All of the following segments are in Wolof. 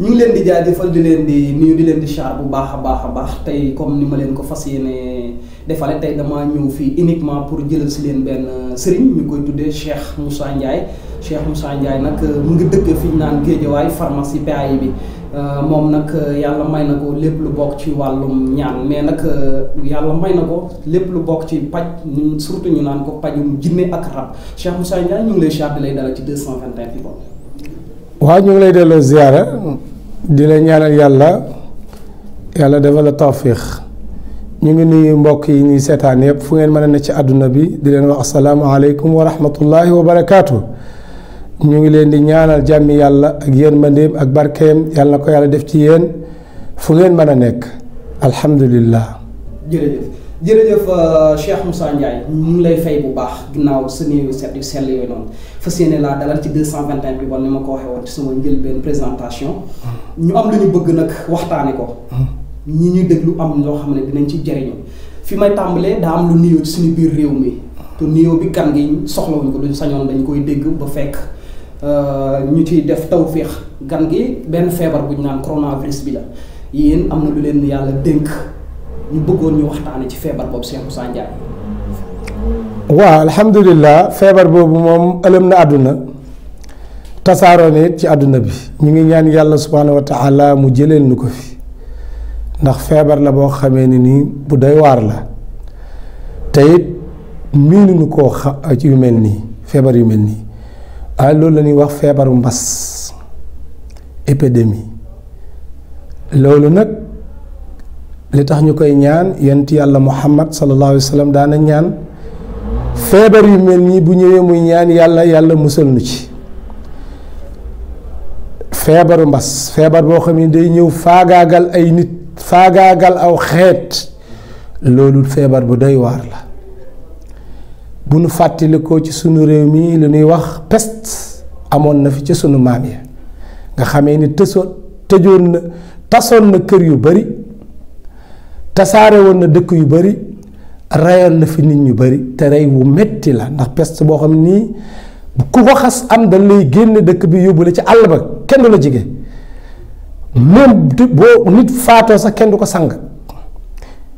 ñu ngi leen di jaajëfal di leen di nuyu di leen di char bu baax a baax a baax tey comme ni ma leen ko fas yéene defale tey damaa ñëw fii uniquement pour jëlal si leen benn sëriñ ñu koy tuddee Cheikh Moussa Ndiaye Cheikh Moussa nag euh, mu ngi dëkk fi ñu naan géejawaay pharmacie PAI bi euh, moom nag euh, yàlla may na ko lépp lu bokk ci wàllum ñaan mais nag yàlla may na ko lépp lu bokk ci paj surtout ñu naan ko pajum jinne ak rab Cheikh Moussa Ndiaye ñu ngi lay char di lay dalal ci 221 People waaw ñu di la ñaanal yàlla yàlla dafa la tawfiix ñu ngi nuyu mbokk yi ñuy seetaan yëpp fu ngeen mën a nekk ci àdduna bi di leen wax asalaamaaleykum wa rahmatullahi wa barakaatu ñu ngi leen di ñaanal jàmmi yàlla ak yërmandeem ak barkeem yàlla na ko yàlla def ci yéen fu ngeen mën a nekk alhamdulillah. jërëjëf. jërëjëf euh, Cheikh Moussa Ndiaye ñu lay fay bu baax ginnaaw sa néew yu set yu sell yooyu noonu fas bi bon ni ko waxee woon présentation ñu am lu ñu bëgg nag waxtaane ko hmm. ñi ñuy déglu am loo xam ne dinañ ci jariñu fi may tàmbalee daa am lu niyo suñu biir réew mi te nuyoo bi gan gi soxlawuñ ko duñ sañoon dañ koy dégg ba fekk euh, ñu ciy def tawféex gan gi benn feebar bu ñu naan coronavirus bi la yéen am na lu leen yàlla dénk ñu bëggoon ñu waxtaane ci feebar boobu Cheikh Moussa Ndiaye waaw feebar boobu moom ëlëm na àdduna tasaaroo na it ci àdduna bi ñu ngi ñaan yàlla subhaanahu wa mu jëleel nu ko fi ndax feebar la boo xamee ni nii bu doy waar la te it miinuñu koo xa yu mel nii feebar yu mel nii ah loolu la ñuy wax feebaru mbas épidémie loolu nag li tax ñu koy ñaan yonent yàlla muhammad sallallahu alayhi wa daana ñaan feebar yu mel nii bu ñëwee muy ñaan yàlla yàlla musal nu ci feebaru mbas feebar boo xam ne day ñëw faagaagal ay nit faagaagal aw xeet loolu feebar bu doy waar la bu nu fàttalikoo ci sunu réew mi lu ñuy wax pest amoon na fi ci sunu maam ya nga xamee ni tësoon tëjoon na tasoon na kër yu bari tasaarewoon na dëkk yu bari rayoon na fi nit ñu bari te rey wu metti la ndax pest boo xam nii ku ko xas am da lay génne dëkk bi yóbbu la ci àll ba kenn du la jige même boo nit faatoo sax kenn du ko sang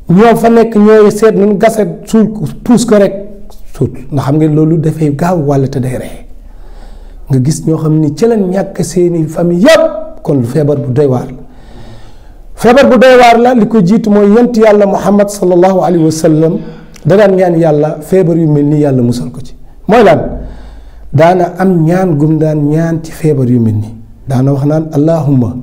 ñoo fa nekk ñooy seet nu gase suul tuus ko rek suut nga xam ngeen loolu dafay gaaw wàll te day rey nga gis ñoo xam ni ci ñàkk seeni famille yépp kon lu feebar bu doy waar la feebar bu doy waar la li ko jiitu mooy yent yàlla muhammad sallallahu alayhi wa sallam da daan ñaan yàlla feebar yu mel nii yàlla musal ko ci mooy lan daana am ñaan gum daan ñaan ci feebar yu mel nii daana wax naan allahumma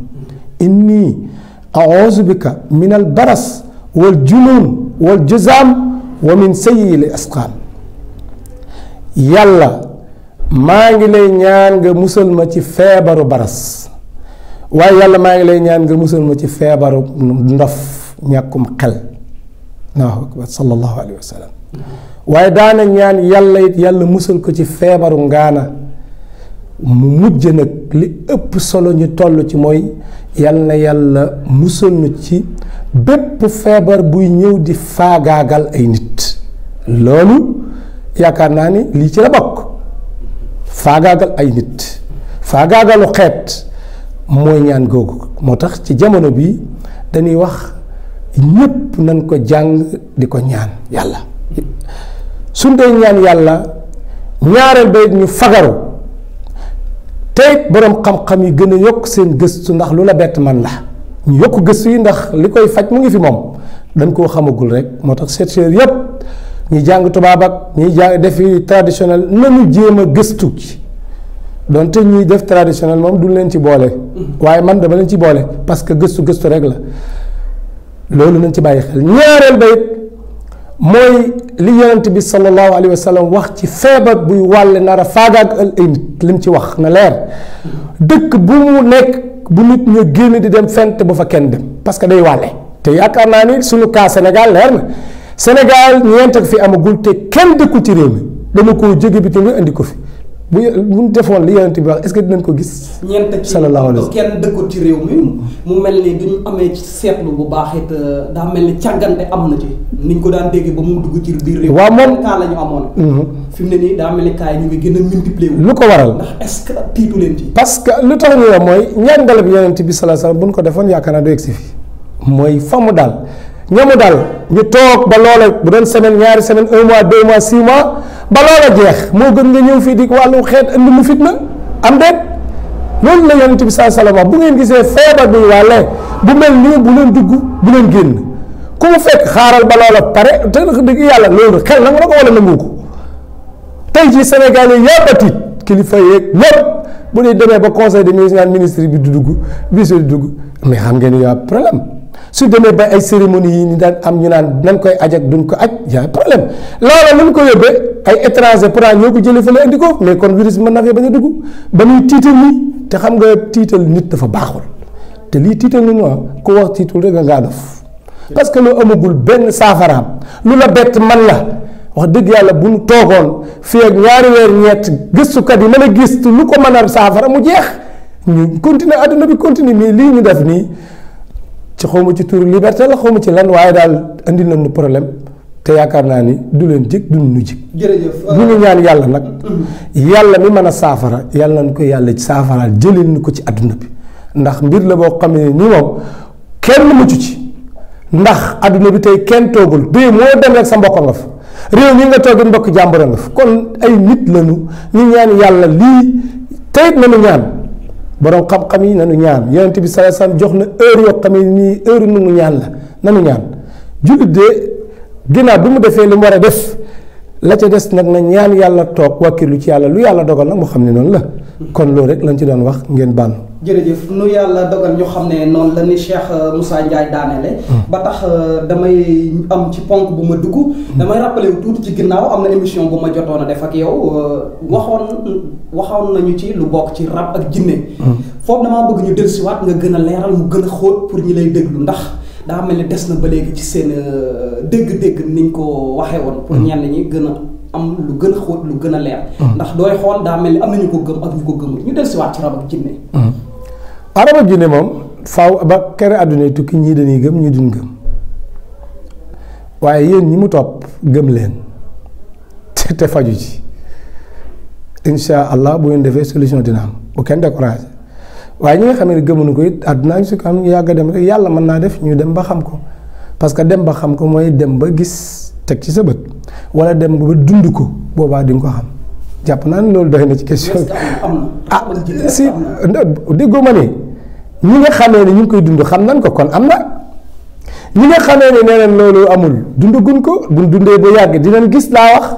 inni aouzu min al baras wal junuun wal juzaam wa min sayyil asqaam yàlla maa ngi lay ñaan nga musal ma ci feebaru baras waaye yàlla maa ngi lay ñaan nga musal ma ci feebaru ndof ñàkkum xel allahu akbar sallallahu alayhi wa sallam waaye daana ñaan yàlla yàlla musal ko ci feebaru ngaana mu mujj nag li ëpp solo ñu toll ci mooy yal na yàlla musal nu ci bépp feebar buy ñëw di faagaagal ay nit loolu yaakaar naa ni lii ci la bokk faagaagal ay nit faagaagalu xeet mooy ñaan googu moo tax ci jamono bi dañuy wax ñépp nañ ko jàng di ko ñaan yàlla suñ dee ñaan yàlla ñaareel ba ñu fagaru tey boroom xam-xam yi gën a yokk seen gëstu ndax lu la bett man la ñu yokk gëstu yi ndax li koy faj mu ngi fi moom dañ koo xamagul rek moo tax chercheurs yëpp ñi jàng tubaab ak ñi jàng defi traditionnel nañu jéem a gëstu ci donte ñuy def traditionnel moom duñ leen ci boole mm-hmm. waaye man dama leen ci boole parce que gëstu gëstu rek la loolu nañ ci bàyyi xel ñaareel ba it mooy li yonent bi sallallahu alayhi wa sallam wax ci feebar buy wàlle nar a faagaag ay nit lim ci wax na leer dëkk bu mu nekk bu nit ñu génn di dem fent ba fa kenn dem parce que day wàlle te yaakaar naa ni suñu kaa Sénégal leer na Sénégal ñeent fi amagul te kenn dëkku ci réew mi dama ko jóge bi tamit indi ko fi bu ñu defoon li yonent bi wax ko gis. ñeent ci sallallahu alayhi wa sallam kenn dëkku ci réew bu baax it euh, daa am na ci niñ ko daan déggee ba mu dugg ci biir réew. waaw moom mhm. fi mu ñu ngi gën lu ko waral ndax que tiitu leen lu tax ñu ne mooy njàngale bi yonent bi sallallahu alayhi bu ñu ko defoon yaakaar naa du egsi fi mooy fa mu daal ñamu daal ñu toog ba loola bu doon semaine ñaari semaine un mois deux mois six ba loola jeex moo gën nga ñëw fii di wàllu xeet indi mu fitna am déet loolu la yonent bi saa sala bu ngeen gisee feebar buy wàllee bu mel nii bu leen dugg bu leen génn ku mu fekk xaaral ba loola pare te dëgg yàlla loolu xel nangu na ko wala nangu ko tey jii Sénégal yi yëpp kilifa yëg ñëpp bu dee demee ba conseil des ministres naan ministre bi du dugg bisu du dugg mais xam ngeen ni y problème. su demee ba ay cérémonie yi ñu daan am ñu naan nañ koy aj ak duñ ko aj yaa problème loola nu mu ko yóbbee ay étranger pourtant ñoo ko jëlee fële indi ko mais kon virus bi mën na fee bañ a dugg ba ñuy tiital nii te xam nga tiital nit dafa baaxul te lii tiital nañu ah ko wax tiitul rek ngaa dof parce que lu amagul benn saafaraam lu la bett man la wax dëgg yàlla bu ñu toogoon fii ak ñaari weer ñett gëstukat yi mën a gëstu lu ko mën a saafara mu jeex ñu continuer àdduna bi continuer mais lii ñu def nii. ci xawma ci turu liberté la xawma ci lan waaye daal indi nañu problème te yaakaar naa ni du leen jig du nu jig euh, ñu ngi ñaan yàlla nag mhm. yàlla mi mën a saafara yàlla nañ ko yàlla saafaraal jëleel ni ko ci àdduna bi ndax mbir la boo xamee ni moom kenn mucc ci ndax àdduna bi tey kenn toogul bii moo dem rek sa mbokk nga fa réew mi nga toogit mbokk jàmbur nga fa kon ay nit lañu ñu ñaan yàlla lii teyit nañu ñaan borom xam-xam yi nanu ñaan yonent bi sallallahu alayhi wasallam jox na heure yoo xam ne nii heure nu mu ñaan la nanu ñaan jullit de ginnaaw bi mu defee li mu war a def la ca des nag na ñaan yàlla toog lu ci yàlla lu yàlla dogal nag mu xam ne noonu la kon loolu rek lañ ci doon wax ngeen bànn jërëjëf nu yàlla dogal ñu xam ne noonu la ni Cheikh euh, Moussa Ndiaye daaneele hmm. ba tax euh, damay am ci ponk bu ma dugg hmm. damay rappelé wu tuuti ci ginnaaw am na émission bu ma jotoon a def ak yow euh, waxoon waxoon nañu ci lu bokk ci rab ak jinne hmm. foofu damaa bëgg ñu dellusiwaat nga gën a leeral mu gën a xóot pour ñi lay déglu ndax daa mel ni des na ba léegi ci seen euh, dégg-dégg niñ ko waxee woon. pour mm. ñenn ñi gën a am lu gën a xóot lu gën a leer. Mm. ndax dooy xool daa mel ni am nañu ko gëm ak ñu ko gëm ñu dellusiwaat ci rab ak jinne. Mm. ah rab jinne moom faw ba kere àdduna tukki ñii dañuy gëm ñu duñ gëm waaye yéen ñi mu topp gëm leen te faju ci incha allah bu ngeen defee solution dina bu kenn découragé. waaye ñi nga xam ne gëmuñu ko it àdduna si ko am ñu yàgg dem rek yàlla mën naa def ñu dem ba xam ko parce que dem ba xam ko mooy dem ba gis teg ci sa bët wala dem ba dund ko boobaa di nga ko xam jàpp naa ne loolu doy na ci question ah nga xamee ne ñu ngi koy dund xam nan ko kon am na ñi nga xamee ne nee nañ loolu amul dundaguñ ko buñ dundee ba yàgg dinañ gis laa wax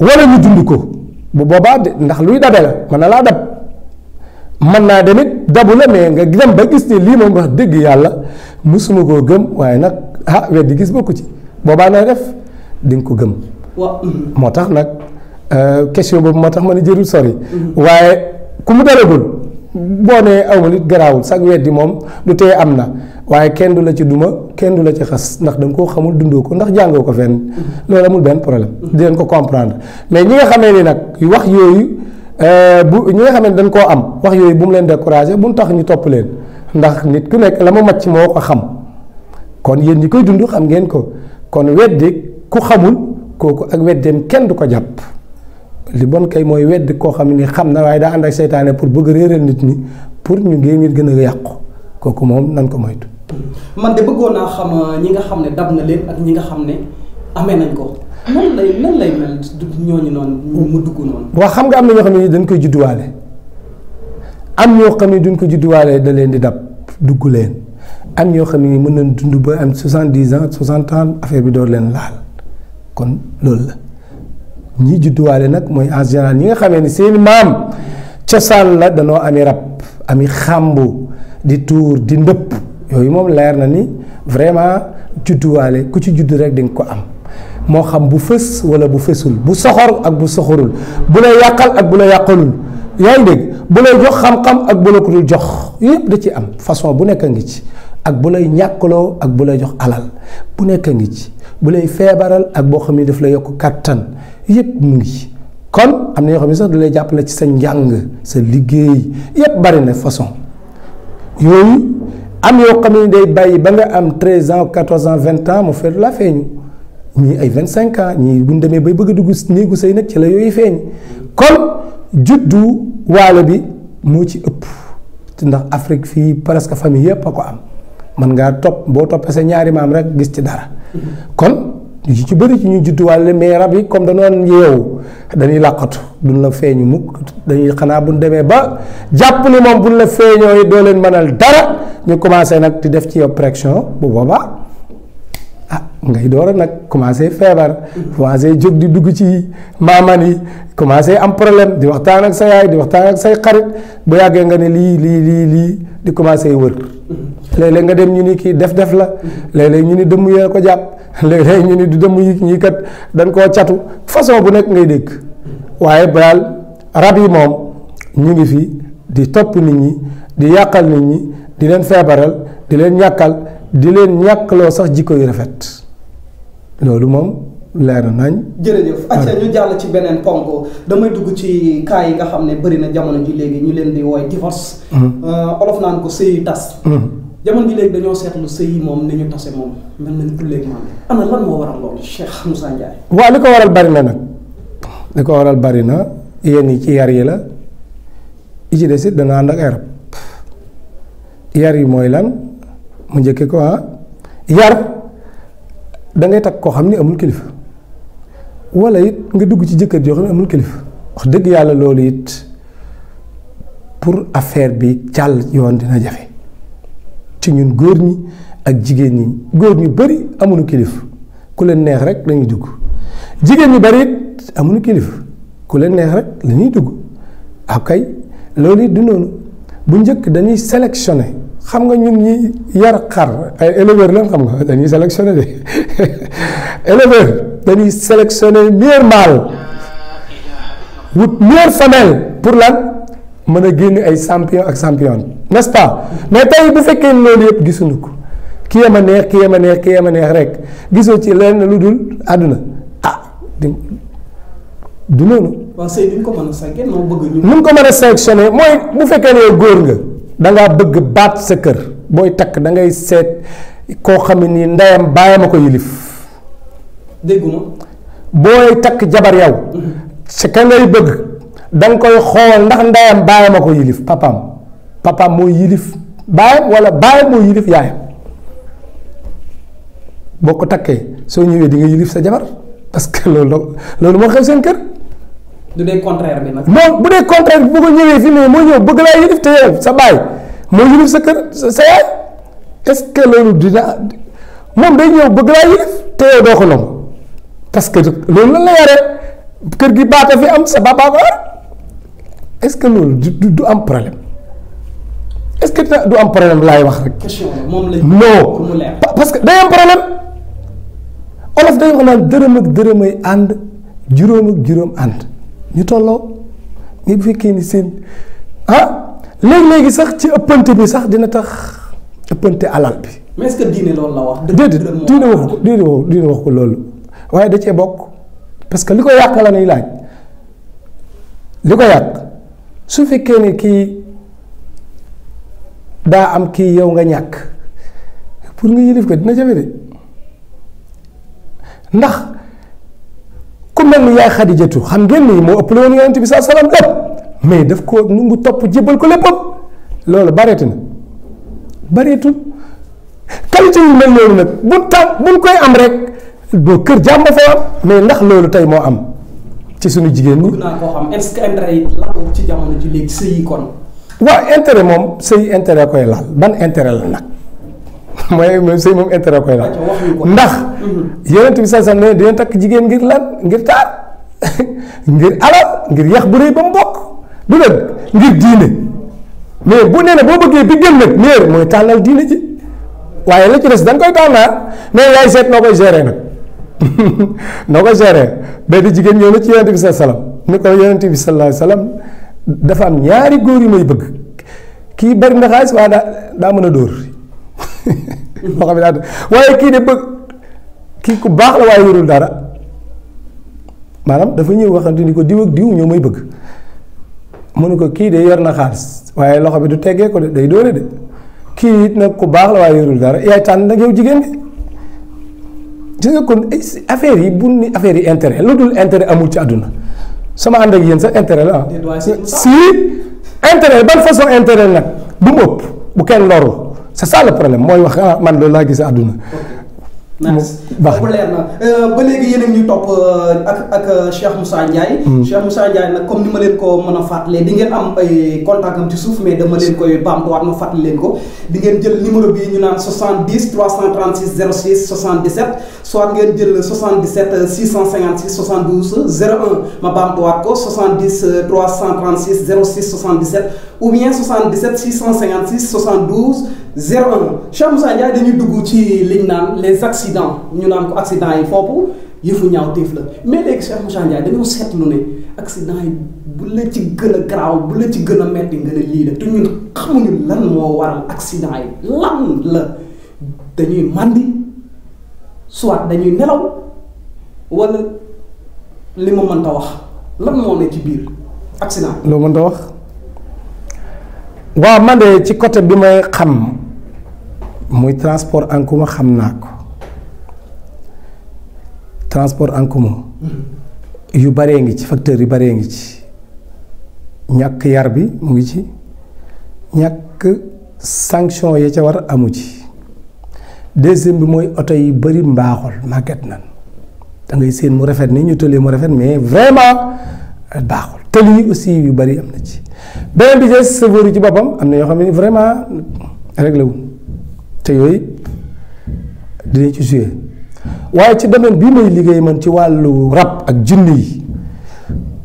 wala ñu dund ko bu boobaa ndax luy dabe la mën na laa dab. man naa demit dabu la mais nga dem ba gis ni lii moom wax dëgg yàlla musuma koo gëm waaye nag ah weddi gis bokku ci boobaa nooy def di nga ko gëm mhm. moo tax nag euh, question boobu ma tax ma ne jërul sori mhm. waaye ku mu dalagul boo nee awul it garaawul sax weddi moom du tee am na waaye kenn du la ci duma kenn du la ci xas ndax da koo xamul dundoo ko ndax jàngoo ko fenn mhm. loolu amul benn problème di leen ko comprendre mais ñi nga xamee ni nag wax yooyu Euh, bu ñi nga xam ne dañ koo am wax yooyu bu mu leen découragé bu tax ñu topp leen ndax nit ku nekk la ma màcc moo xam kon yéen ñi koy dund xam ngeen ko kon weddi ku xamul kooku ak weddeem kenn du ko jàpp li bon kay mooy weddi koo xam ni xam na waaye daa seytaane pour bëgg réeral nit ñi pour ñu ngeen nit gën a yàqu kooku moom nañ ko moytu. man de bëggoon xam euh, ñi nga xam ne dab na leen ak ñi nga xam ne amee nañ ko. nan lay nan lay mel ñooñu noonu mu dugg noonu. waaw xam nga am na ñoo xam ne dañ koy judduwaale am ñoo xam ne duñ ko judduwaale da leen di dab dugg leen am ñoo xam ne mën nañ dund ba am soixante dix ans soixante ans affaire bi door leen laal kon loolu la ñi judduwaale nag mooy en général ñi nga xamee ni seen maam cosaan la danoo ami rab ami xàmbu di tuur di ndëpp yooyu moom leer na ni vraiment judduwaale ku ci juddu rek di ko am. moo xam bu fës wala bu fësul bu soxor ak bu soxorul bu la yàqal ak bu la yàqalul yaa ngi dégg bu lay jox xam-xam ak bu la ko dul jox yëpp da ci am façon bu nekk a ngi ci ak bu lay ñàkkaloo ak bu lay jox alal bu nekk a ngi ci bu lay feebaral ak boo xam ne daf la yokk kàttan yëpp mu ngi kon am na yoo xam ne sax da jàppale ci sa njàng sa liggéey yëpp bari na façon yooyu am yoo xam ne day bàyyi ba nga am 13 ans 14 ans 20 ans mu fekk la feeñu ñii ay vingt cinq ans ñii bu ñu demee bay bëgg a dugg néegu sëy nag ci la yooyu feeñ kon juddu waalo bi moo ci ëpp ndax Afrique fii presque famille yëpp a ko am man ngaa topp boo toppee sa ñaari maam rek gis ci dara kon ñu ci bëri ci ñu juddu waalo mais rab yi comme danoon yeewu dañuy làqatu duñ la feeñu mukk dañuy xanaa bu buñ demee ba jàpp ni moom buñ la feeñoo doo leen mënal dara ñu commencé nag di def ci yow pression bu boobaa ngay door a nag commencé feebar commencé jóg di dugg ci maaman yi commencé am problème di waxtaan ak sa yaay di waxtaan ak say xarit bu yàggee nga ne lii lii lii lii di commencé wër léeg-léeg nga dem ñu ni kii def def la léeg-léeg ñu ni dëmm yee ko jàpp léeg-léeg ñu ni du dëmm yi ñii kat dañ koo catu façon bu nekk ngay dégg waaye daal rab yi moom ñu ngi fii di topp nit ñi di yàqal nit ñi di leen feebaral di leen ñàkkal di leen ñàkkaloo sax jikko yu rafet loolu moom leer nañ. jërëjëf acca ñu jàll ci beneen ponk damay dugg ci cas yi nga xam ne bëri na jamono ji léegi ñu leen di wooy divorce. Mm-hmm. Euh, olof naan ko sëy tas. Mm-hmm. jamono ji léegi dañoo seetlu sëy yi moom ni ñu tase moom mel nañ tulleeg maam ana lan moo waral loolu Cheikh Moussa Ndiaye. waaw li ko waral bari na nag li ko waral bari na yenn yi ci yar yi la yi ci des it dana ànd ak ay yar yi mooy lan mu njëkkee ko ah yar. da ngay takk koo xam ni amul kilifa wala it nga dugg ci jëkkër joo xam ne amul kilifa wax dëgg yàlla loolu it pour affaire bi càll yoon dina jafe ci ñun góor ñi ak jigéen ñi góor ñu bari amuñu kilifa ku leen neex rek lañuy dugg jigéen ñu bari it amuñu ku leen neex rek lañuy dugg akay ah loolu it du noonu bu njëkk dañuy sélectionné xam nga ñun ñi yar xar ay éleveur la xam nga dañuy sélectionné de éleveur dañuy sélectionné meilleur mâle wut meilleure femelle pour lan mën a génn ay sampion ak championne nest pas mais tey bu fekkee loolu yëpp gisuñu ko ki yem a neex ki yem a neex ki yem a neex rek gisoo ci lenn lu dul àdduna ah du noonu. waaw sëy bi ko mën a sàggee noo bëgg mooy bu fekkee ne góor nga. da ngaa bëgg baat sa kër booy takk dangay seet koo xam ne nii ndeyam baayam a ko yilif dégguma booy takk jabar yow si ka ngay bëgg da koy xool ndax ndeyam baayam a ko yilif papaam papaam moo yilif baayam wala baayam moo yilif yaayam boo ko takkee soo ñëwee di nga yilif sa jabar parce que loolu loolu moo xew seen kër du dee contraire bi nag. moom bu dee contraire bi bu ko ñëwee fi nii moo ñëw bëgg laa yilif te yow sa baay moo yilif sa kër sa yaay est-ce loolu dina moom day ñëw bëgg laa yilif te yow doo ko nangu parce que loolu lan la yore kër gi baata fi am sa baba ko ce que loolu du am problème est-ce que du am problème laay wax rek. question moom lañ. parce que day am problème olof day wax naan dërëm ak dërëm ay ànd juróom ak juróom ànd. ñu tolloo mais fekkee ni seen ah léegi-léegi sax ci ëppante bi sax dina tax ëppante alal bi. mais est-ce que diine loolu la wax. déedéet diine wax ko diine wax ko loolu waaye da cee bokk parce que li ko yàq la ñuy laaj li ko yàq su fekkee ni kii daa am kii yow nga ñàkk pour nga yilif ko dina jafe de ndax. ku mel ni yaay xadijatu xam ngeen ni moo ëppale woon yonent bi saa salaam lépp mais daf ko nangu topp jébbal ko léppam loolu bareeti na bareetul qualité yu mel noonu nag bu ta buñ koy am rek boo kër jàmm fa mais ndax loolu tey moo am ci suñu jigéen ñi. bëgg naa koo xam est-ce que intérêt yi lan ci jamono ji léegi sëy yi kon. waaw intérêt moom sëy intérêt koy laal ban intérêt la nag. mooy mooy moom intérêt koy la ndax mhm. yonent bi sax sax ne dina takk jigéen ngir lan ngir taar ngir alal ngir yax bu rëy ba mu du dëgg ngir diine mais bu nee boo bëggee bi gën nag néer mooy tànnal diine ji waaye la ci des da nga koy tànnaat ah. mais yaay seet noo koy gérer nag noo koy gérer di jigéen ñëw na ci yonent bi sax salaam ni ko yonent bi sallallahu alayhi dafa am ñaari góor yi may bëgg kii bari na xaalis daa mën a dóor boo bi ne daal waaye kii de bëgg kii ku baax la waaye yorul dara maanaam dafa ñëw waxante ni ko diw ak diw ñoo may bëgg mu ne ko kii de yor na xaalis waaye loxo bi du teggee ko de day doole de kii it nag ku baax la waaye yorul dara yaay tànn nag yow jigéen gi gis affaire yi bu ni affaire yi intérêt lu dul intérêt amul ci àdduna sama ànd ak sax intérêt la ah. si intérêt ban façon intéret na bu mu ëpp bu kenn loru c'est ça le problème mooy wax ah, man loolu laa gis àdduna. baax na na euh, ba léegi yéen ñu topp euh, ak ak euh, Cheikh Moussa Ndiaye. Hmm. Cheikh Moussa nag comme ni ma leen ko mën a fàttalee di ngeen am ay contact ci suuf mais dama leen koy baamtuwaat ma fàttali ko. di ngeen jël numéro bii ñu naan 70 336 06 77 soit ngeen jël 77 656 72 01 ma baamtuwaat ko 70 336 06 77. ou bien 77 656 72 01 Cheikh Moussa Ndiaye dañuy dugg ci liñ naan les accidents ñu naan ko accident yi foofu yëfu ñaaw téef la mais léegi Cheikh Moussa Ndiaye dañoo seetlu ne accident yi bu la ci gën a garaaw bu la ci gën a metti nga ne lii la te ñun xamuñu lan moo waral accident yi lan la dañuy màndi soit dañuy nelaw wala li ma mënta wax lan moo ne ci biir accident. loo mënta wax. waaw man de ci côté bi may xam muy transport en commun xam naa ko transport en commun mm-hmm. yu bëree ngi ci facteurs yu bëree ngi ci ñàkk yar bi mu ngi ci ñàkk sanction yi ca war amu ci deuxième bi mooy oto yi bëri mbaaxul màgget na da ngay seen mu rafet ni ñu tëlee mu rafet mais vraiment baaxul tëli yi aussi yu bari am na ci beneen bi des ci boppam am na yoo xam ne vraiment réglé wu te yooyu dinañ ci joué waaye ci domaine bii may liggéey man ci wàllu rab ak junni yi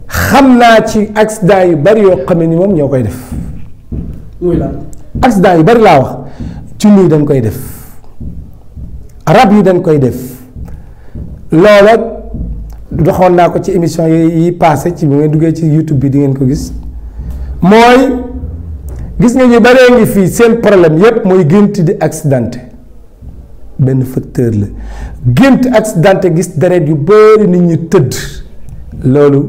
xam naa ci accident yu bari yoo xam ni moom ñoo koy def. muy la yu bari laa wax junni yi dañ koy def rab yi dañ koy def loola. doxoon naa ko ci émission yi passé ci bi may duggee ci YouTube bi di ngeen ko gis mooy gis nga ñu baree ngi fii seen problème yépp mooy gént di accidenté benn facteur la gént accidenté gis deret yu bari nit ñi tëdd loolu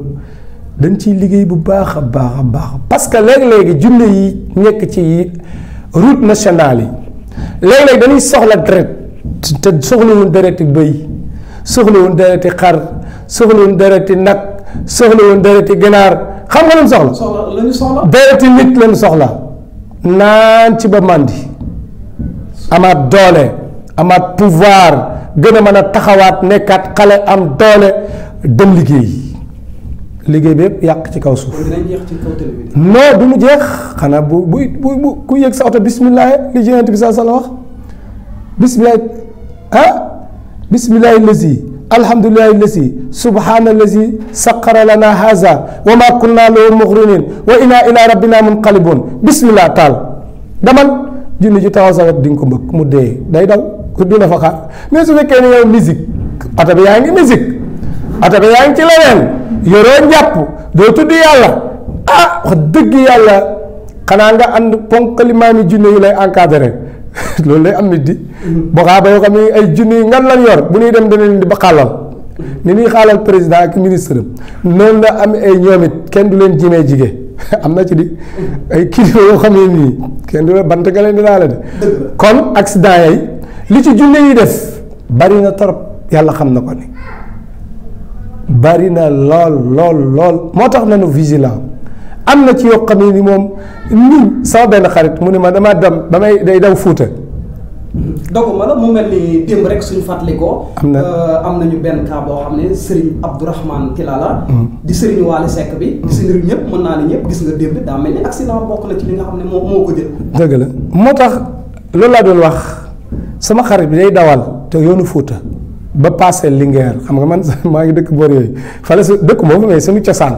dañ ciy liggéey bu baax a baax a baax parce que léeg-léegi junne yi nekk ci route nationale yi léeg-léeg dañuy soxla deret te soxlawul deret bëy soxlawuñ dereti xar soxlawuñ dereti nag soxlawuñ dereti ganaar xam nga lan soxla dereti nit lañ soxla naan ci ba màndi amaat doole amaat pouvoir gën a mën a taxawaat nekkaat xale am doole dem liggéey liggéey bi yëpp yàq ci kaw suuf non du mu jeex xanaa bu bu bu ku yëg sa oto bismillah li Yonent bi sallallahu alayhi wa wax bismillah ah bismillahi lazi alhamdulillahi lazi subhaana lazi saqara lana haza wa ma kunna lahu muxrinin wa inna ila rabbina munqalibun bismillah taal damal junni ju taxaw sa wet di ko mu dee day daw ko dina fa xaar mais su fekkee ne yow musique ata bi yaa ngi musique ata bi yaa ngi ci leneen yoroo njàpp doo tudd yàlla ah wax dëgg yàlla xanaa nga ànd ponk limaami junne yi lay encadré loolu lay am nit di boo ba yoo xam ne ay junne junni ngan lan yor bu ñuy dem dana leen di ba xàllal ni ñuy xaalal président ak ministre noonu la am ay ñoom kenn du leen jiimee jigéen am na ci di ay kilifa yoo xam ne nii kenn bant nga leen di kon accident yay li ci junne yi des bari na torop yàlla xam na ko ni bari na lool lool lool moo tax nañu vigilant am na ci yoo xam ne ni moom ñun sama benn xarit mu ne ma damaa dem ba may day daw fuuta dogu ma la mu mel ni démb rek suñu fàttalikoo. am na euh, am nañu benn cas boo xam ne Serigne Abdourahmane Tilala. Mm-hmm. di Serigne Waly bi. di Serigne ñëpp mën naa ne ñëpp gis nga démb daa mel ni accident bokk na ci li nga xam ne moo moo dëgg la moo tax loolu laa doon wax sama xarit bi day dawal te yoonu fuuta ba passé Linguère xam nga man maa ngi dëkk boor yooyu fale su dëkk boobu mais suñu cosaan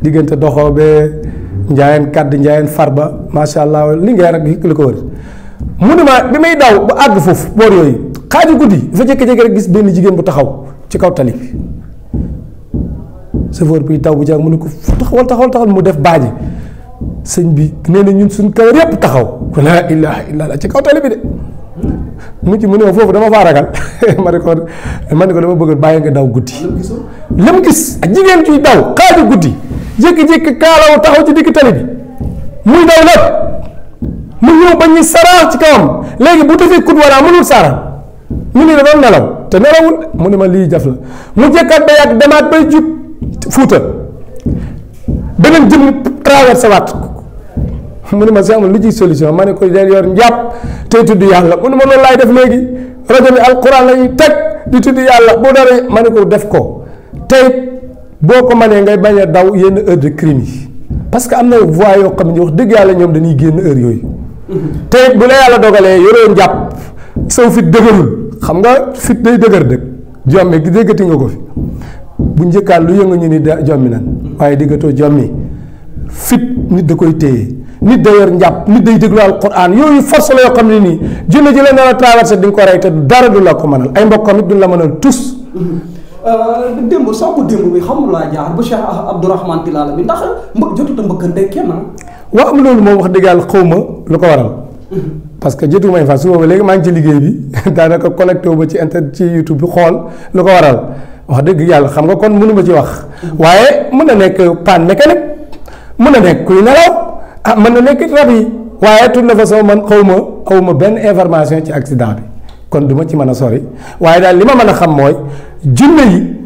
diggante njaayeen kàdd njaayeen farba macha allah li ngay rek li ko wër mu ne ma bi may daw ba àgg foofu boor yooyu xaaju guddi dafa jékki-jékki rek gis benn jigéen bu taxaw ci kaw tali bi taw bu jàng mu ne ko taxawal taxawal taxawal mu def baaji sëñ bi nee na ñun suñ kawar taxaw laa ilaha ci kaw tali de mu ci mu ne ma foofu dama faa ragal ma ne ko dama bëgg bàyyi nga daw guddi lam gis ak jigéen ciy daw xaaju guddi jékki-jékki kaalaw taxaw ci digg tali bi muy daw lépp mu ñëw ba ñu saraax ci kawam léegi bu defee kut wala mënul saraax ñu ne doon nelaw te nelawul mu ne ma lii jaf la mu jekkaat ba yàgg demaat bay jub fuuta beneen jëm traversé waat mu ne ma si amul lu ciy solution ma ne ko del yor njàpp tey tudd yàlla mu ne ma loolu laay def léegi rajo bi la lañuy teg di tudd yàlla bu dara ma ne ko def ko tey boo ko manee ngay bañ a daw yenn heure de crime yi parce que am na voie yoo xam ne wax dëgg yàlla ñoom dañuy génn heure yooyu te bu la yàlla dogalee yoroo njàpp saw fit dëgërul xam nga fit day dëgër dëgg jommi gi déggati nga ko fi bu njëkkaat lu yëngu ñu ni da jommi nan waaye diggatoo jommi fit nit da koy téye nit da yor njàpp nit day déglu alquran yooyu force la yoo xam ne nii junne ji la nar a traversé di ko rey te dara du la ko mënal ay mbokkam it du la mënal Euh, démb soo ko démb bi xamul laa jaar bu Cheikh Abdourahmane Tilala bi ndax mbëgg jotut a mbëkkante kenn ah. waaw am loolu moom wax dëgg yàlla xaw ma lu ko waral. Mhm. parce que jotu may fa su boobu léegi maa ngi ci liggéey bi daanaka connecté wu ba ci internet ci YouTube bi xool lu ko waral wax dëgg yàlla xam nga kon mënu ma ci wax. Mhm. waaye mën na nekk panne mécanique mën na nekk kuy nelaw ah mën na nekk rab yi waaye tout de façon man xaw ma xaw ma benn information ci accident kon du ci mën a sori waaye daal li ma mën a xam mooy. junne yi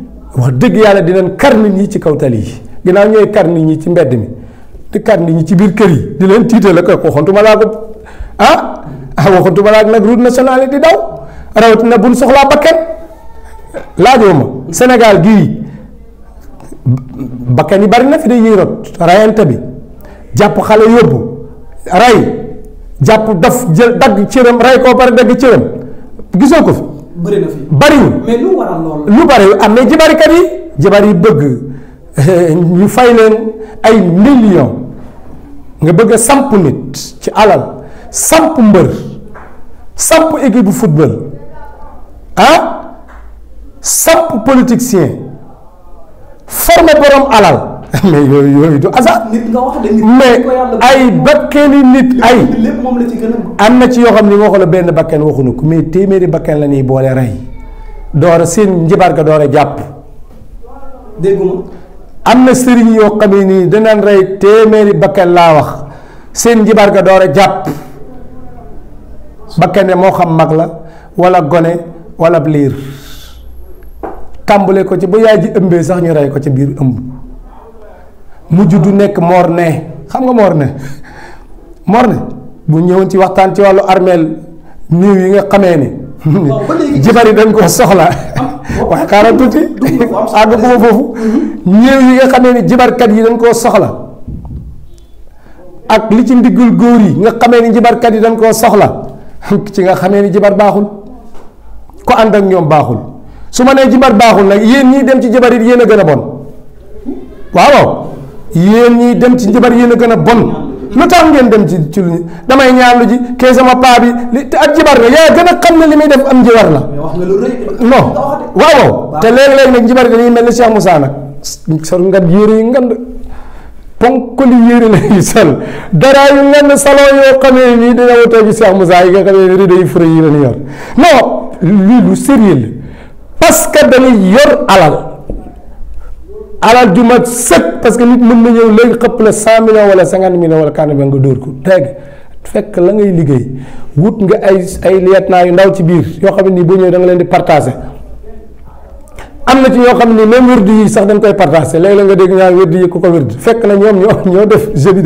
wax dëgg yàlla dinañ kar nit ñi ci kaw tali yi ginnaaw ñooy kar nit ñi ci mbedd mi te kar nit ñi ci biir kër yi di leen tiital ak waxantuma laa ko ah ah waxantuma laa nag route nationale di daw rawatina buñ soxlaa bakken laajoo ma Sénégal gii bakken yi bari na fi de ñuy rot rayante bi jàpp xale yóbbu ray jàpp daf jël dagg cëram ray koo pare dagg cëram gisoo ko bëri na fi bariwul. lu bariwul am ah, na jëbarikat yi jëbar yi bëgg ñu fay leen ay millions nga bëgg a samp nit ci alal samp mbër samp équipe bu football ah samp politicien former borom alal. mais yooyu yooyu du hasard mais ay bakkeni nit ay am na ci yoo xam ne waxu benn bakken waxuñu ko mais téeméeri bakken la ñuy boole rey door a seen njibar ga door a jàpp am na sëriñ yoo xam ne nii danaan téeméeri bakken laa wax seen njibar ga door a moo xam mag la wala gone walla liir tàmbale ko ci bu yaay ji ëmbee sax ñu rey ko ci biir ëmb mujj du nekk morne xam nga morne morne bu ñëwoon ci waxtaan ci wàllu armeel niiw yi nga xamee ni jibar yi dañ ko soxla waaye xaaral tuuti àgg mm-hmm. yi nga xamee ni jibarkat yi dañ koo soxla ak li ci ndiggul góor yi nga xamee ni jibarkat yi dañ koo soxla ci nga xamee ni jibar baaxul ko ànd ak ñoom baaxul su ma nee jibar baaxul nag yéen ñii dem ci jibar it yéen a gën a bon waaw yéen ñii dem ci njabar yéen a gën a bon lu tax ngeen dem ci ci lu damay ñaan lu ji kee sama paa bi li te ak njabar la yaa gën a xam ne li muy def am njabar la. non waaw te léeg-léeg nag njabar dañuy mel ni Cheikh Moussa nag sol ngat nga yu ngand ponk li yére lay sol dara yu ngand yoo xamee nii dina wutoo ci Cheikh Moussa yi nga xamee ni rido yu fure yi la ñu yor non lu lu sérieux la parce que dañuy yor alal. alal ju mat sëkk parce que nit mën na ñëw léegi xëpp la cent millions wala cinquante millions wala quarante millions nga dóor ko teg fekk la ngay liggéey wut nga ay ay lieutenant yu ndaw ci biir yoo xam ne nii boo ñëwee da nga leen di partagé am na ci ñoo xam ne même wérdu yi sax dañ koy partagé léeg-léeg nga dégg ñaar wérdu yi ku ko wérdu fekk na ñoom ñoo def jeu bi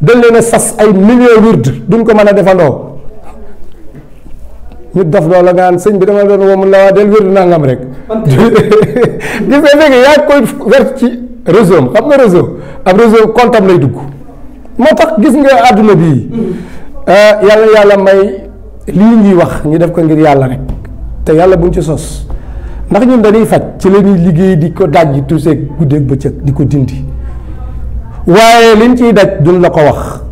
leen a sas ay millions du duñ ko mën a defandoo nit dof loola nga naan sëñ bi dama doon woomu la waa del wér nangam rek gis nga léegi yaa koy wert ci réseau am xam nga réseau ab réseau comptam lay dugg moo tax gis nga àdduna bii mm-hmm. ah, yàlla yàlla may lii ñuy wax ñu def ko ngir yàlla rek te yàlla buñ ci sos ndax ñun dañuy faj ci la ñuy liggéey di ko daj tuuseeg guddeeg bëccëg di ko dindi waaye liñ ciy daj duñ la ko wax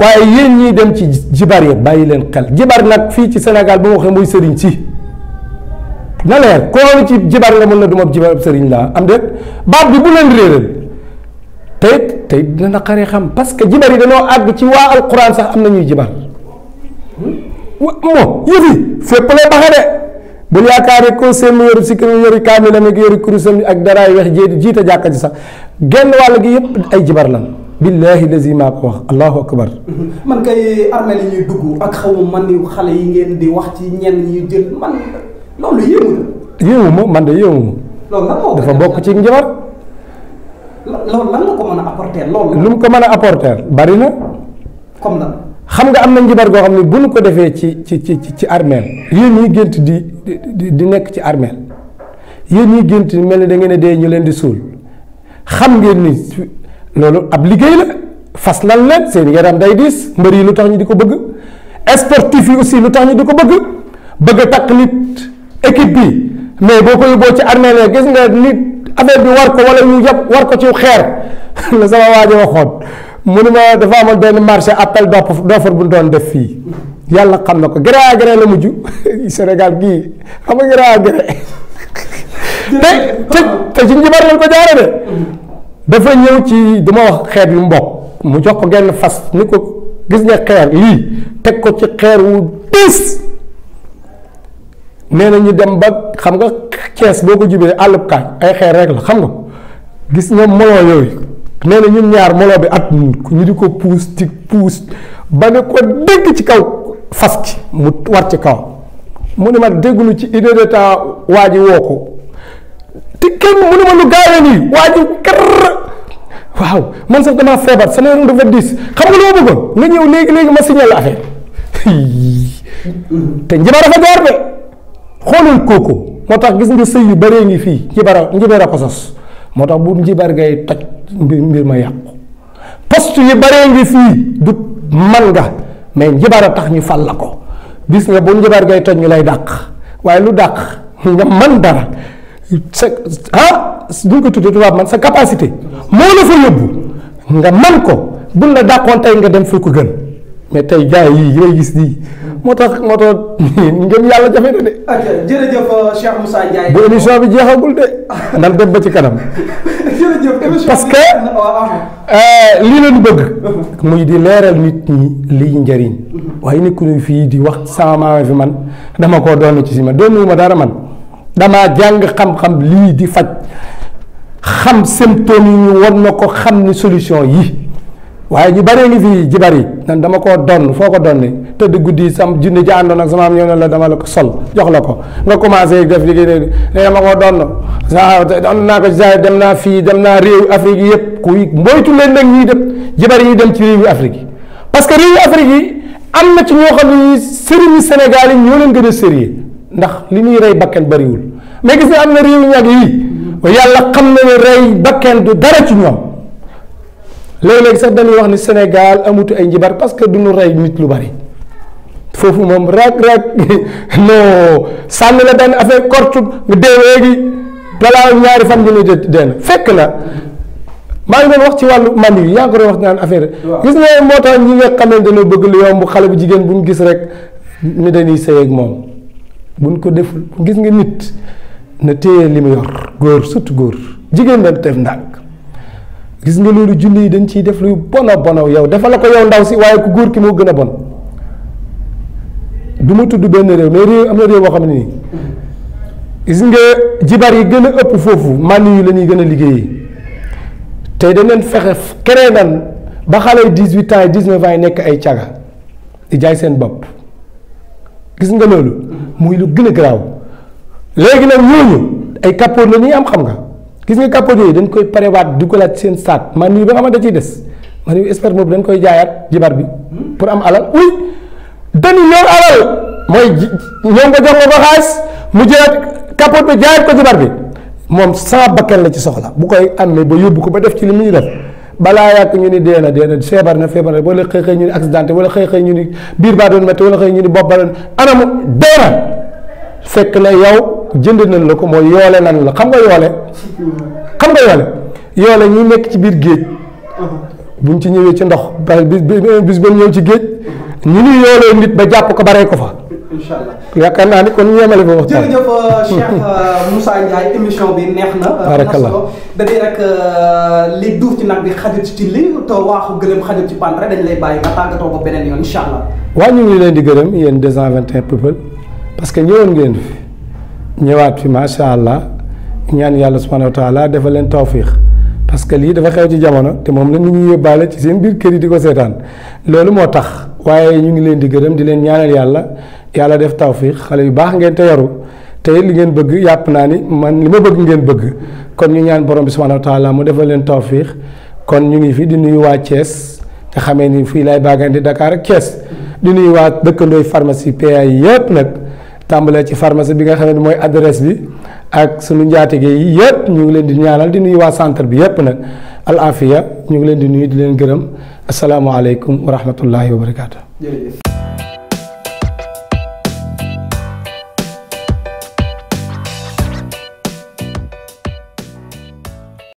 waaye yéen ñiy dem ci jibar yi bàyyi leen xel jibar nag fii ci senegal bu ma waxee mooy sëriñ ci na leer koo ci jibar nga mën na du ma jibar sëriñ laa am déet baat bi bu leen réeral tey tey dina naqaree xam parce que jibar yi dañoo àgg ci waa alquran sax am na ñuy jibar mo yëfi fépp lay baxe de bul koo ko seen yoru sikkim yoru kaamilam ak yoru kurusam ak daraay weex jéedi jiite jàkka ji sax genn wàll gi yëpp ay jibar lan billaahi lazi maa ko wax allahu akbar man kay armeel yi ñuy dugg ak xaw ma man xale yi ngeen di wax ci ñenn ñi jël man loolu yéemu yéemu man de yéemu ma. loolu dafa bokk ci njabar. loolu lan la ko ko mën a apporter bari na. comme lan. xam nga am na njabar goo xam ne bu nu ko defee ci ci ci ci armeel yéen ñii gént di di di nekk ci armeel yéen ñii gént mel ni da ngeen dee ñu leen di suul xam ngeen ni. loolu ab liggéey la fas lan leen seen yaram day diis mbër yi lu tax ñu di ko bëgg sportif yi aussi lu tax ñu di ko bëgg bëgg a takk nit équipe bi mais boo ko yóbboo ci armée la gis nga nit affaire bi war ko wala ñu yëpp war ko ci xeer la sama waajo waxoon mu ne ma dafa amoon benn marché appel d'offre bu doon def fii yàlla xam na ko gré à gré la mujj Sénégal gii xam nga gré te te ci njibar lañ ko jaare de dafa ñëw ci duma wax xeet yu mbokk mu jox ko genn fas ni ko gis nga xeer lii teg ko ci xeer wu diis nee na ñu dem ba xam nga Cees boo ko jubee àllub kaaj ay xeer rek la xam nga gis nga molo yooyu nee na ñun ñaar molo bi at ñu di ko puus ci puus ba ne ko dégg ci kaw fas ci mu war ci kaw mu ne ma déglu ci idée de temps waa ji woo te kenn mënu lu gaawee nii waaw man sax damaa feebar sama yaram dafa diis xam nga lu ma bëggoon nga ñëw léegi léegi ma signalé affaire te njibara fa jaar de xoolal kooku moo tax gis nga sëy yu bëree ngi fii njibara njibara ko sos moo tax bu njibar ngay toj mbir ma yàqu ngi fii du man mais njibara tax ñu fal la ko gis nga bu njibar ngay toj ñu lay dàq waaye lu dàq nga man dara sa ah duñ ko tuddee tubaab man sa capacité moo la fa yóbbu nga man ko bu la dàqoon tey nga dem fu ko gën mais tey jaay yii yi ngay gis nii moo tax moo tax ngëm yàlla jafe na de. Euh, bi jeexagul de ba ci kanam. jërëjëf parce que euh, lii leen bëgg. muy di leeral nit ñi liy njëriñ. Mm-hmm. waaye nekkuñu fii di wax sama maam fi man dama koo doon ci si ma doon ma dara man. damaa jàng xam-xam lii di faj xam symptômes yi ñu won na ko xam ni solution yi waaye ñu bëree ngi fii jibar yi nan dama koo donn foo ko donni tëdd guddi sam junni ji àndoon ak sama am ñëw ne la dama la ko sol jox la ko nga commencé def liggéey ne dama koo donn sa naa dem naa fii dem naa réew Afrique yi yëpp kuy mboytu leen nag ñuy dem jibar yi dem ci réewu Afrique yi parce que réewu Afrique yi am na ci ñoo xam ne sëriñu Sénégal yi ñoo leen gën a sérieux ndax li ñuy rey bakkan bariwul mais gis nga am na réew ñàkk yii yàlla xam na ne rey bakkan du dara ci ñoom léeg-léeg sax dañuy wax ni Sénégal amuti ay njibar parce que du ñu rey nit lu bari foofu moom rag rag non sànni la benn affaire cort nga dee léegi balaa ñaari fan ñu ne dee na fekk na maa ngi doon wax ci wàllu man yi yaa ngi ko doon wax naan affaire gis nga moo tax ñi nga xamante ne bëgg lu yomb xale bu jigéen bu ñu gis rek ni dañuy sëy ak moom. buñ ko deful gis nga nit na téye li mu góor surtout góor jigéen nag def ndànk gis nga loolu julli yi dañ ciy def luy bona bonaw yow dafa la ko yow ndaw si waaye ku góor ki moo gën a bon du tudd benn réew mais réew am na réew boo xam ne nii gis nga jibar yi gën a ëpp foofu mànni yu lañuy gën a liggéeyee tey dañ leen fexe keneen nan ba xale yi dix huit ans neuf ans yi nekk ay caga di jaay seen bopp gis nga loolu. muy lu gën a garaaw. léegi nag ñooñu ay kàppoor la ñuy am xam nga gis nga kàppoor yooyu dañ koy parewaat dugalaat seen saat man nii ba nga xamante ciy des man nii expert boobu dañ koy jaayaat jibar bi pour am alal oui dañu ñoom alal mooy ji ñoom nga jox nga ko xaalis mu jëlaat kàppoor bi jaayaat ko jibar bi moom saa bakkan la ci soxla bu koy amee ba yóbbu ko ba def ci li muy def. balaa yàgg ñu ni dee na dee na feebar na feebar na wala xëy xëy ñu ni accidenté wala xëy xëy ñu ni biir baa doon métti wala xëy ñu ni bopp ba doon anamu dee na fekk na yow jënd nañ la ko mooy yoole na la xam nga yoole xam nga yoole yoole ñu nekk ci biir géej uh-huh. buñ ci ñëwee ci ndox ba bis bis ba ñëw ci géej ñu ni yoolee nit ba jàpp ko baree ko fa. incha yaakaar naa ni kon ñu yemale foofu. jërëjëf euh, Cheikh euh, Moussa Ndiaye émission euh, rek li duuf ci nag bi xajut ci li te waaxu gëlëm xajut ci pant rek dañ lay bàyyi nga tàggatoo ko beneen yoon incha allah. waaw ñu ngi leen di gërëm yéen 221 people parce que ñëwoon ngeen fi ñëwaat fi macha allah ñaan yàlla subhanahu wa taala defal leen tawfiq parce que lii dafa xew ci jamono te moom la nit ñi yóbbaale ci seen biir kër yi di ko seetaan loolu moo tax waaye ñu ngi leen di gërëm di leen ñaanal yàlla yàlla def tawfiq xale yu baax ngeen te yoru te li ngeen bëgg yàpp naa ni man li ma bëgg ngeen bëgg kon ñu ñaan borom bi subhanahu wa taala mu defal leen tawfiq kon ñu ngi fii di nuyu waa Thiès te xamee ni fii laay baagandi Dakar ak Thiès di nuyu waa dëkkandooy pharmacie PA yi yëpp nag tàmbalee ci pharmacie bi nga xam mooy adresse bi. ak sunu njaatige yi yëpp ñu ngi leen di ñaanal di nuyu waa centre bi yëpp nag al afiya ñu ngi leen di nuyu di leen gërëm asalaamaaleykum wa rahmatullahi wa barakaatu.